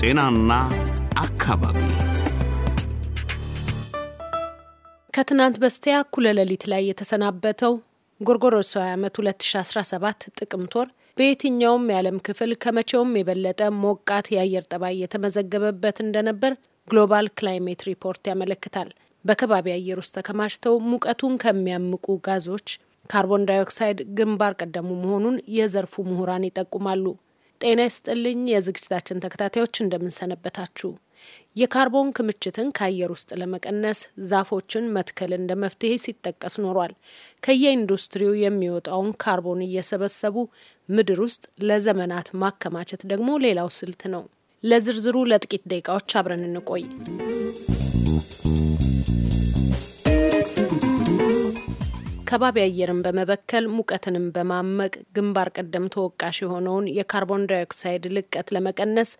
ጤናና አካባቢ ከትናንት በስቲያ እኩለ ሌሊት ላይ የተሰናበተው ጎርጎሮሳዊ ዓመት 2017 ጥቅምት ወር በየትኛውም የዓለም ክፍል ከመቼውም የበለጠ ሞቃት የአየር ጠባይ የተመዘገበበት እንደነበር ግሎባል ክላይሜት ሪፖርት ያመለክታል። በከባቢ አየር ውስጥ ተከማችተው ሙቀቱን ከሚያምቁ ጋዞች ካርቦን ዳይኦክሳይድ ግንባር ቀደሙ መሆኑን የዘርፉ ምሁራን ይጠቁማሉ። ጤና ይስጥልኝ የዝግጅታችን ተከታታዮች እንደምንሰነበታችሁ። የካርቦን ክምችትን ከአየር ውስጥ ለመቀነስ ዛፎችን መትከል እንደ መፍትሄ ሲጠቀስ ኖሯል። ከየኢንዱስትሪው የሚወጣውን ካርቦን እየሰበሰቡ ምድር ውስጥ ለዘመናት ማከማቸት ደግሞ ሌላው ስልት ነው። ለዝርዝሩ ለጥቂት ደቂቃዎች አብረን እንቆይ። ከባቢ አየርን በመበከል ሙቀትንም በማመቅ ግንባር ቀደም ተወቃሽ የሆነውን የካርቦን ዳይኦክሳይድ ልቀት ለመቀነስ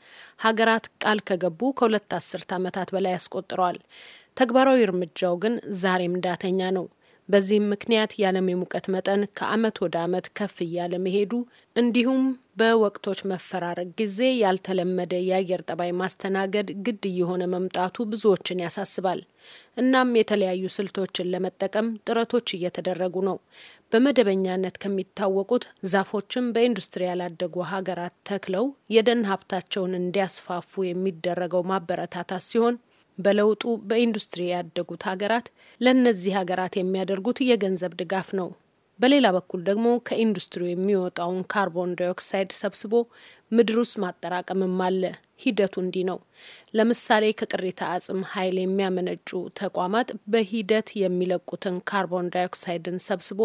ሀገራት ቃል ከገቡ ከሁለት አስርት ዓመታት በላይ ያስቆጥረዋል። ተግባራዊ እርምጃው ግን ዛሬም ዳተኛ ነው። በዚህም ምክንያት የዓለም የሙቀት መጠን ከዓመት ወደ ዓመት ከፍ እያለ መሄዱ እንዲሁም በወቅቶች መፈራረቅ ጊዜ ያልተለመደ የአየር ጠባይ ማስተናገድ ግድ እየሆነ መምጣቱ ብዙዎችን ያሳስባል። እናም የተለያዩ ስልቶችን ለመጠቀም ጥረቶች እየተደረጉ ነው። በመደበኛነት ከሚታወቁት ዛፎችን በኢንዱስትሪ ያላደጉ ሀገራት ተክለው የደን ሀብታቸውን እንዲያስፋፉ የሚደረገው ማበረታታት ሲሆን በለውጡ በኢንዱስትሪ ያደጉት ሀገራት ለእነዚህ ሀገራት የሚያደርጉት የገንዘብ ድጋፍ ነው። በሌላ በኩል ደግሞ ከኢንዱስትሪ የሚወጣውን ካርቦን ዳይኦክሳይድ ሰብስቦ ምድር ውስጥ ማጠራቀምም አለ። ሂደቱ እንዲህ ነው። ለምሳሌ ከቅሪተ አጽም ኃይል የሚያመነጩ ተቋማት በሂደት የሚለቁትን ካርቦን ዳይኦክሳይድን ሰብስቦ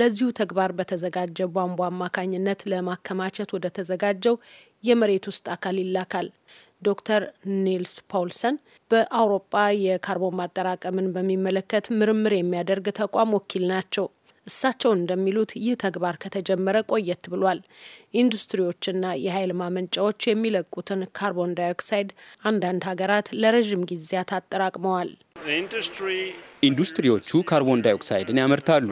ለዚሁ ተግባር በተዘጋጀ ቧንቧ አማካኝነት ለማከማቸት ወደ ተዘጋጀው የመሬት ውስጥ አካል ይላካል። ዶክተር ኒልስ ፓውልሰን በአውሮፓ የካርቦን ማጠራቀምን በሚመለከት ምርምር የሚያደርግ ተቋም ወኪል ናቸው። እሳቸው እንደሚሉት ይህ ተግባር ከተጀመረ ቆየት ብሏል። ኢንዱስትሪዎችና የኃይል ማመንጫዎች የሚለቁትን ካርቦን ዳይኦክሳይድ አንዳንድ ሀገራት ለረዥም ጊዜያት አጠራቅመዋል። ኢንዱስትሪዎቹ ካርቦን ዳይኦክሳይድን ያመርታሉ።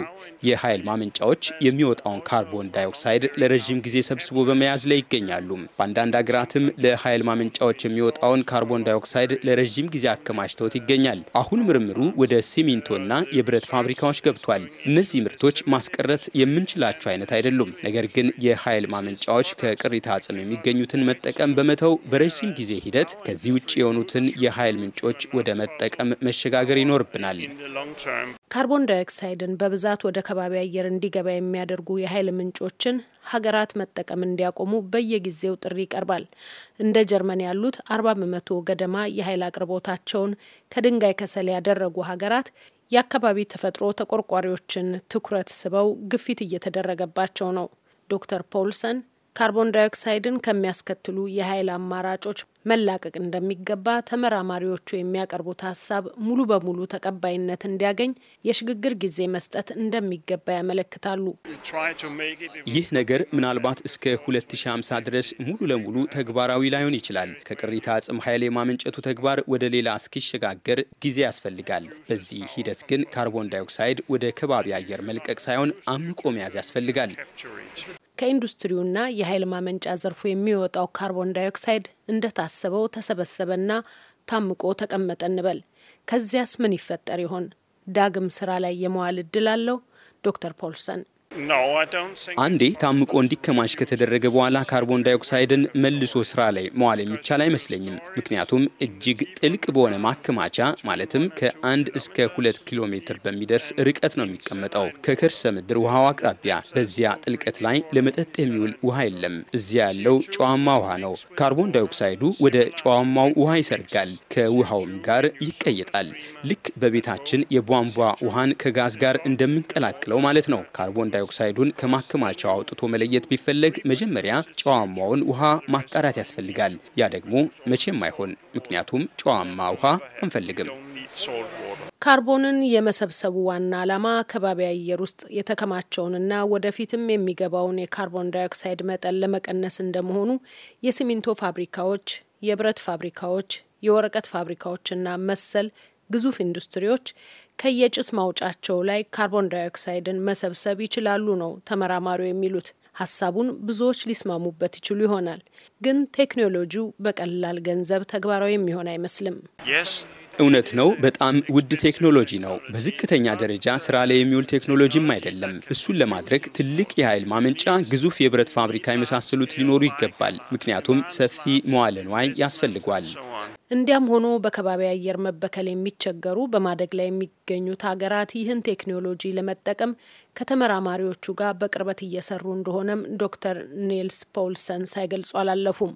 የኃይል ማመንጫዎች የሚወጣውን ካርቦን ዳይኦክሳይድ ለረዥም ጊዜ ሰብስቦ በመያዝ ላይ ይገኛሉ። በአንዳንድ ሀገራትም ለኃይል ማመንጫዎች የሚወጣውን ካርቦን ዳይኦክሳይድ ለረዥም ጊዜ አከማችተውት ይገኛል። አሁን ምርምሩ ወደ ሲሚንቶና የብረት ፋብሪካዎች ገብቷል። እነዚህ ምርቶች ማስቀረት የምንችላቸው አይነት አይደሉም። ነገር ግን የኃይል ማመንጫዎች ከቅሪተ አጽም የሚገኙትን መጠቀም በመተው በረዥም ጊዜ ሂደት ከዚህ ውጭ የሆኑትን የኃይል ምንጮች ወደ መጠቀም መሸጋገር ይኖርብናል። ካርቦን ዳይኦክሳይድን በብዛት ወደ ከባቢ አየር እንዲገባ የሚያደርጉ የኃይል ምንጮችን ሀገራት መጠቀም እንዲያቆሙ በየጊዜው ጥሪ ይቀርባል። እንደ ጀርመን ያሉት አርባ በመቶ ገደማ የኃይል አቅርቦታቸውን ከድንጋይ ከሰል ያደረጉ ሀገራት የአካባቢ ተፈጥሮ ተቆርቋሪዎችን ትኩረት ስበው ግፊት እየተደረገባቸው ነው። ዶክተር ፖልሰን ካርቦን ዳይኦክሳይድን ከሚያስከትሉ የኃይል አማራጮች መላቀቅ እንደሚገባ ተመራማሪዎቹ የሚያቀርቡት ሀሳብ ሙሉ በሙሉ ተቀባይነት እንዲያገኝ የሽግግር ጊዜ መስጠት እንደሚገባ ያመለክታሉ። ይህ ነገር ምናልባት እስከ 2050 ድረስ ሙሉ ለሙሉ ተግባራዊ ላይሆን ይችላል። ከቅሪተ አጽም ኃይል የማመንጨቱ ተግባር ወደ ሌላ እስኪሸጋገር ጊዜ ያስፈልጋል። በዚህ ሂደት ግን ካርቦን ዳይኦክሳይድ ወደ ከባቢ አየር መልቀቅ ሳይሆን አምቆ መያዝ ያስፈልጋል። ከኢንዱስትሪውና የኃይል ማመንጫ ዘርፉ የሚወጣው ካርቦን ዳይኦክሳይድ እንደታሰበው ተሰበሰበና ታምቆ ተቀመጠ እንበል። ከዚያስ ምን ይፈጠር ይሆን? ዳግም ስራ ላይ የመዋል እድል አለው? ዶክተር ፖልሰን አንዴ ታምቆ እንዲከማሽ ከተደረገ በኋላ ካርቦን ዳይኦክሳይድን መልሶ ስራ ላይ መዋል የሚቻል አይመስለኝም። ምክንያቱም እጅግ ጥልቅ በሆነ ማከማቻ ማለትም ከአንድ እስከ ሁለት ኪሎ ሜትር በሚደርስ ርቀት ነው የሚቀመጠው ከከርሰ ምድር ውሃው አቅራቢያ። በዚያ ጥልቀት ላይ ለመጠጥ የሚውል ውሃ የለም። እዚያ ያለው ጨዋማ ውሃ ነው። ካርቦን ዳይኦክሳይዱ ወደ ጨዋማው ውሃ ይሰርጋል፣ ከውሃውም ጋር ይቀየጣል። ልክ በቤታችን የቧንቧ ውሃን ከጋዝ ጋር እንደምንቀላቅለው ማለት ነው። ካርቦን ዳይኦክሳይዱን ከማከማቻው አውጥቶ መለየት ቢፈለግ መጀመሪያ ጨዋማውን ውሃ ማጣራት ያስፈልጋል። ያ ደግሞ መቼም አይሆን፣ ምክንያቱም ጨዋማ ውሃ አንፈልግም። ካርቦንን የመሰብሰቡ ዋና ዓላማ ከባቢ አየር ውስጥ የተከማቸውንና ወደፊትም የሚገባውን የካርቦን ዳይኦክሳይድ መጠን ለመቀነስ እንደመሆኑ የሲሚንቶ ፋብሪካዎች፣ የብረት ፋብሪካዎች፣ የወረቀት ፋብሪካዎችና መሰል ግዙፍ ኢንዱስትሪዎች ከየጭስ ማውጫቸው ላይ ካርቦን ዳይኦክሳይድን መሰብሰብ ይችላሉ ነው ተመራማሪው የሚሉት። ሀሳቡን ብዙዎች ሊስማሙበት ይችሉ ይሆናል፣ ግን ቴክኖሎጂው በቀላል ገንዘብ ተግባራዊ የሚሆን አይመስልም። እውነት ነው። በጣም ውድ ቴክኖሎጂ ነው። በዝቅተኛ ደረጃ ስራ ላይ የሚውል ቴክኖሎጂም አይደለም። እሱን ለማድረግ ትልቅ የኃይል ማመንጫ፣ ግዙፍ የብረት ፋብሪካ የመሳሰሉት ሊኖሩ ይገባል። ምክንያቱም ሰፊ መዋለ ንዋይ ያስፈልጓል። እንዲያም ሆኖ በከባቢ አየር መበከል የሚቸገሩ በማደግ ላይ የሚገኙት ሀገራት ይህን ቴክኖሎጂ ለመጠቀም ከተመራማሪዎቹ ጋር በቅርበት እየሰሩ እንደሆነም ዶክተር ኔልስ ፖልሰን ሳይገልጹ አላለፉም።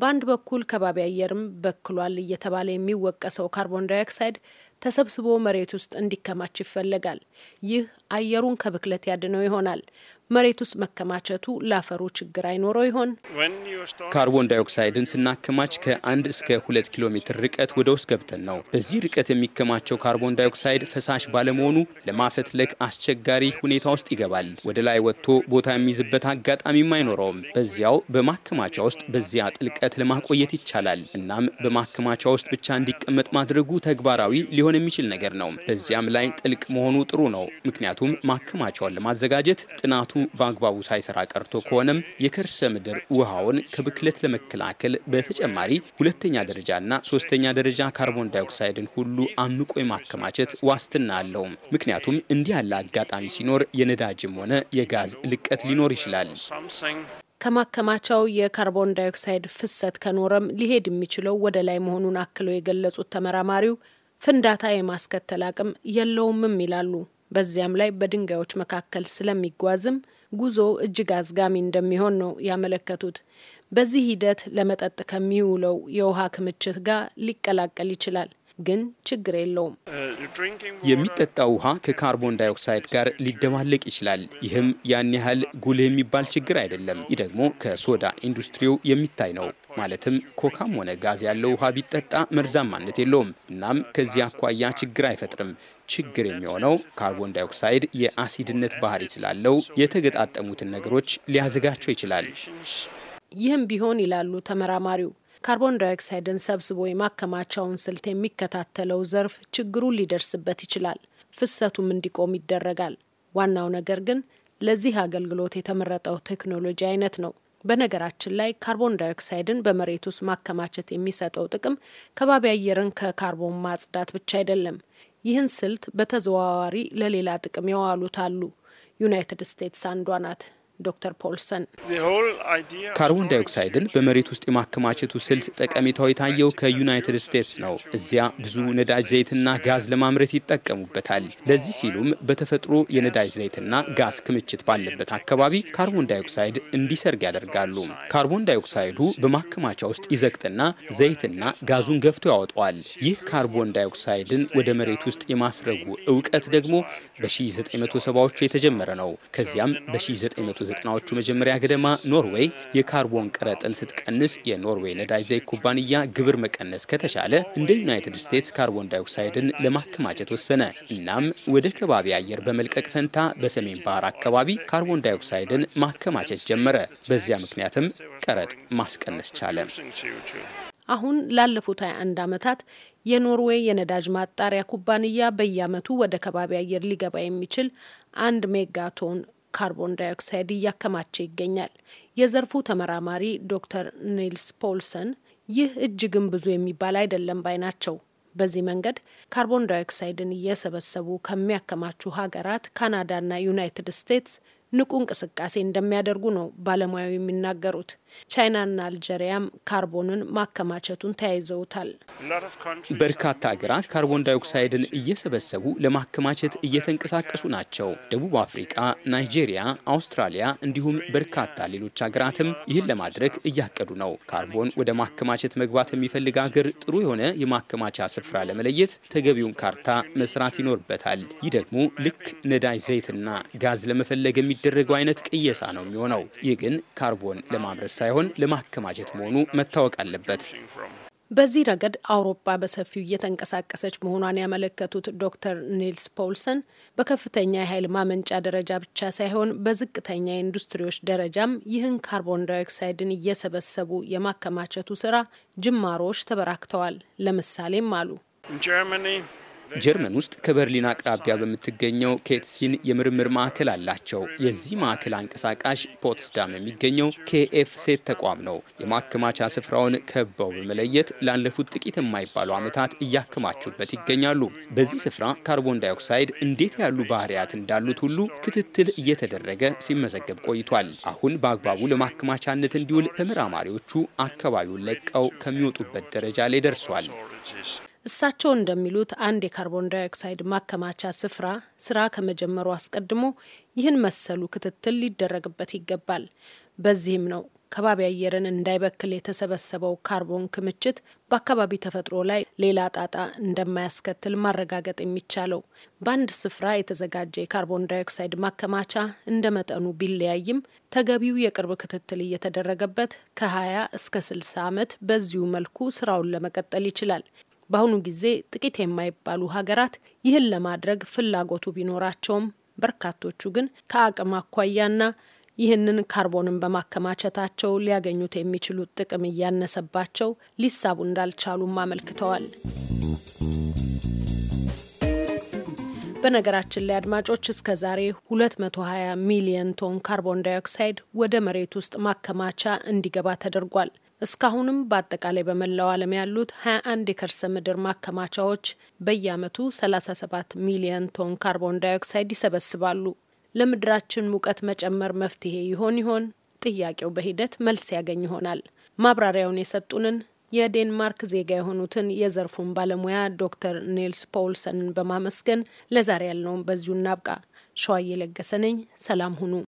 በአንድ በኩል ከባቢ አየርም በክሏል እየተባለ የሚወቀሰው ካርቦን ዳይኦክሳይድ ተሰብስቦ መሬት ውስጥ እንዲከማች ይፈለጋል። ይህ አየሩን ከብክለት ያድነው ይሆናል። መሬት ውስጥ መከማቸቱ ለአፈሩ ችግር አይኖረው ይሆን? ካርቦን ዳይኦክሳይድን ስናከማች ከአንድ እስከ ሁለት ኪሎ ሜትር ርቀት ወደ ውስጥ ገብተን ነው። በዚህ ርቀት የሚከማቸው ካርቦን ዳይኦክሳይድ ፈሳሽ ባለመሆኑ ለማፈትለክ አስቸጋሪ ሁኔታ ውስጥ ይገባል። ወደ ላይ ወጥቶ ቦታ የሚይዝበት አጋጣሚም አይኖረውም። በዚያው በማከማቻ ውስጥ በዚያ ጥልቀት ለማቆየት ይቻላል። እናም በማከማቻ ውስጥ ብቻ እንዲቀመጥ ማድረጉ ተግባራዊ ሊሆን የሚችል ነገር ነው። በዚያም ላይ ጥልቅ መሆኑ ጥሩ ነው። ምክንያቱም ማከማቻውን ለማዘጋጀት ጥናቱ በአግባቡ ሳይሰራ ቀርቶ ከሆነም የከርሰ ምድር ውሃውን ከብክለት ለመከላከል በተጨማሪ ሁለተኛ ደረጃና ሶስተኛ ደረጃ ካርቦን ዳይኦክሳይድን ሁሉ አምቆ የማከማቸት ዋስትና አለው። ምክንያቱም እንዲህ ያለ አጋጣሚ ሲኖር የነዳጅም ሆነ የጋዝ ልቀት ሊኖር ይችላል። ከማከማቻው የካርቦን ዳይኦክሳይድ ፍሰት ከኖረም ሊሄድ የሚችለው ወደ ላይ መሆኑን አክለው የገለጹት ተመራማሪው ፍንዳታ የማስከተል አቅም የለውምም ይላሉ። በዚያም ላይ በድንጋዮች መካከል ስለሚጓዝም ጉዞ እጅግ አዝጋሚ እንደሚሆን ነው ያመለከቱት። በዚህ ሂደት ለመጠጥ ከሚውለው የውሃ ክምችት ጋር ሊቀላቀል ይችላል። ግን ችግር የለውም። የሚጠጣ ውሃ ከካርቦን ዳይኦክሳይድ ጋር ሊደባለቅ ይችላል። ይህም ያን ያህል ጉልህ የሚባል ችግር አይደለም። ይህ ደግሞ ከሶዳ ኢንዱስትሪው የሚታይ ነው። ማለትም ኮካም ሆነ ጋዝ ያለው ውሃ ቢጠጣ መርዛማነት የለውም። እናም ከዚህ አኳያ ችግር አይፈጥርም። ችግር የሚሆነው ካርቦን ዳይኦክሳይድ የአሲድነት ባህሪ ስላለው የተገጣጠሙትን ነገሮች ሊያዘጋቸው ይችላል። ይህም ቢሆን ይላሉ ተመራማሪው ካርቦን ዳይኦክሳይድን ሰብስቦ የማከማቻውን ስልት የሚከታተለው ዘርፍ ችግሩን ሊደርስበት ይችላል። ፍሰቱም እንዲቆም ይደረጋል። ዋናው ነገር ግን ለዚህ አገልግሎት የተመረጠው ቴክኖሎጂ አይነት ነው። በነገራችን ላይ ካርቦን ዳይኦክሳይድን በመሬት ውስጥ ማከማቸት የሚሰጠው ጥቅም ከባቢ አየርን ከካርቦን ማጽዳት ብቻ አይደለም። ይህን ስልት በተዘዋዋሪ ለሌላ ጥቅም ያዋሉት አሉ። ዩናይትድ ስቴትስ አንዷ ናት። ዶክተር ፖልሰን ካርቦን ዳይኦክሳይድን በመሬት ውስጥ የማከማቸቱ ስልት ጠቀሜታው የታየው ከዩናይትድ ስቴትስ ነው። እዚያ ብዙ ነዳጅ ዘይትና ጋዝ ለማምረት ይጠቀሙበታል። ለዚህ ሲሉም በተፈጥሮ የነዳጅ ዘይትና ጋዝ ክምችት ባለበት አካባቢ ካርቦን ዳይኦክሳይድ እንዲሰርግ ያደርጋሉ። ካርቦን ዳይኦክሳይዱ በማከማቻ ውስጥ ይዘግጥና ዘይትና ጋዙን ገፍቶ ያወጣዋል። ይህ ካርቦን ዳይኦክሳይድን ወደ መሬት ውስጥ የማስረጉ እውቀት ደግሞ በ1970ዎቹ የተጀመረ ነው። ከዚያም በ1990 ዎቹ መጀመሪያ ገደማ ኖርዌይ የካርቦን ቀረጥን ስትቀንስ የኖርዌይ ነዳጅ ዘይት ኩባንያ ግብር መቀነስ ከተቻለ እንደ ዩናይትድ ስቴትስ ካርቦን ዳይኦክሳይድን ለማከማቸት ወሰነ። እናም ወደ ከባቢ አየር በመልቀቅ ፈንታ በሰሜን ባህር አካባቢ ካርቦን ዳይኦክሳይድን ማከማቸት ጀመረ። በዚያ ምክንያትም ቀረጥ ማስቀነስ ቻለ። አሁን ላለፉት 21 ዓመታት የኖርዌይ የነዳጅ ማጣሪያ ኩባንያ በየዓመቱ ወደ ከባቢ አየር ሊገባ የሚችል አንድ ሜጋቶን ካርቦን ዳይኦክሳይድ እያከማቸ ይገኛል። የዘርፉ ተመራማሪ ዶክተር ኒልስ ፖልሰን ይህ እጅግን ብዙ የሚባል አይደለም ባይ ናቸው። በዚህ መንገድ ካርቦን ዳይኦክሳይድን እየሰበሰቡ ከሚያከማቹ ሀገራት ካናዳና ዩናይትድ ስቴትስ ንቁ እንቅስቃሴ እንደሚያደርጉ ነው ባለሙያው የሚናገሩት። ቻይናና አልጀሪያም ካርቦንን ማከማቸቱን ተያይዘውታል። በርካታ ሀገራት ካርቦን ዳይኦክሳይድን እየሰበሰቡ ለማከማቸት እየተንቀሳቀሱ ናቸው። ደቡብ አፍሪካ፣ ናይጄሪያ፣ አውስትራሊያ እንዲሁም በርካታ ሌሎች ሀገራትም ይህን ለማድረግ እያቀዱ ነው። ካርቦን ወደ ማከማቸት መግባት የሚፈልግ ሀገር ጥሩ የሆነ የማከማቻ ስፍራ ለመለየት ተገቢውን ካርታ መስራት ይኖርበታል። ይህ ደግሞ ልክ ነዳጅ ዘይትና ጋዝ ለመፈለግ የሚደረገው አይነት ቅየሳ ነው የሚሆነው። ይህ ግን ካርቦን ለማምረስ ሳይሆን ለማከማቸት መሆኑ መታወቅ አለበት። በዚህ ረገድ አውሮፓ በሰፊው እየተንቀሳቀሰች መሆኗን ያመለከቱት ዶክተር ኒልስ ፖልሰን በከፍተኛ የኃይል ማመንጫ ደረጃ ብቻ ሳይሆን በዝቅተኛ የኢንዱስትሪዎች ደረጃም ይህን ካርቦን ዳይኦክሳይድን እየሰበሰቡ የማከማቸቱ ስራ ጅማሮዎች ተበራክተዋል። ለምሳሌም አሉ ጀርመን ውስጥ ከበርሊን አቅራቢያ በምትገኘው ኬትሲን የምርምር ማዕከል አላቸው። የዚህ ማዕከል አንቀሳቃሽ ፖትስዳም የሚገኘው ኬኤፍ ሴት ተቋም ነው። የማከማቻ ስፍራውን ከበው በመለየት ላለፉት ጥቂት የማይባሉ ዓመታት እያከማቹበት ይገኛሉ። በዚህ ስፍራ ካርቦን ዳይኦክሳይድ እንዴት ያሉ ባህሪያት እንዳሉት ሁሉ ክትትል እየተደረገ ሲመዘገብ ቆይቷል። አሁን በአግባቡ ለማከማቻነት እንዲውል ተመራማሪዎቹ አካባቢውን ለቀው ከሚወጡበት ደረጃ ላይ ደርሷል። እሳቸው እንደሚሉት አንድ የካርቦን ዳይኦክሳይድ ማከማቻ ስፍራ ስራ ከመጀመሩ አስቀድሞ ይህን መሰሉ ክትትል ሊደረግበት ይገባል። በዚህም ነው ከባቢ አየርን እንዳይበክል የተሰበሰበው ካርቦን ክምችት በአካባቢ ተፈጥሮ ላይ ሌላ ጣጣ እንደማያስከትል ማረጋገጥ የሚቻለው። በአንድ ስፍራ የተዘጋጀ የካርቦን ዳይኦክሳይድ ማከማቻ እንደ መጠኑ ቢለያይም ተገቢው የቅርብ ክትትል እየተደረገበት ከ20 እስከ 60 ዓመት በዚሁ መልኩ ስራውን ለመቀጠል ይችላል። በአሁኑ ጊዜ ጥቂት የማይባሉ ሀገራት ይህን ለማድረግ ፍላጎቱ ቢኖራቸውም በርካቶቹ ግን ከአቅም አኳያና ይህንን ካርቦንን በማከማቸታቸው ሊያገኙት የሚችሉት ጥቅም እያነሰባቸው ሊሳቡ እንዳልቻሉም አመልክተዋል። በነገራችን ላይ አድማጮች እስከ ዛሬ 220 ሚሊዮን ቶን ካርቦን ዳይኦክሳይድ ወደ መሬት ውስጥ ማከማቻ እንዲገባ ተደርጓል። እስካሁንም በአጠቃላይ በመላው ዓለም ያሉት 21 የከርሰ ምድር ማከማቻዎች በየዓመቱ 37 ሚሊዮን ቶን ካርቦን ዳይኦክሳይድ ይሰበስባሉ። ለምድራችን ሙቀት መጨመር መፍትሄ ይሆን ይሆን? ጥያቄው በሂደት መልስ ያገኝ ይሆናል። ማብራሪያውን የሰጡንን የዴንማርክ ዜጋ የሆኑትን የዘርፉን ባለሙያ ዶክተር ኔልስ ፖውልሰንን በማመስገን ለዛሬ ያልነውም በዚሁ እናብቃ። ሸዋዬ ለገሰ ነኝ። ሰላም ሁኑ።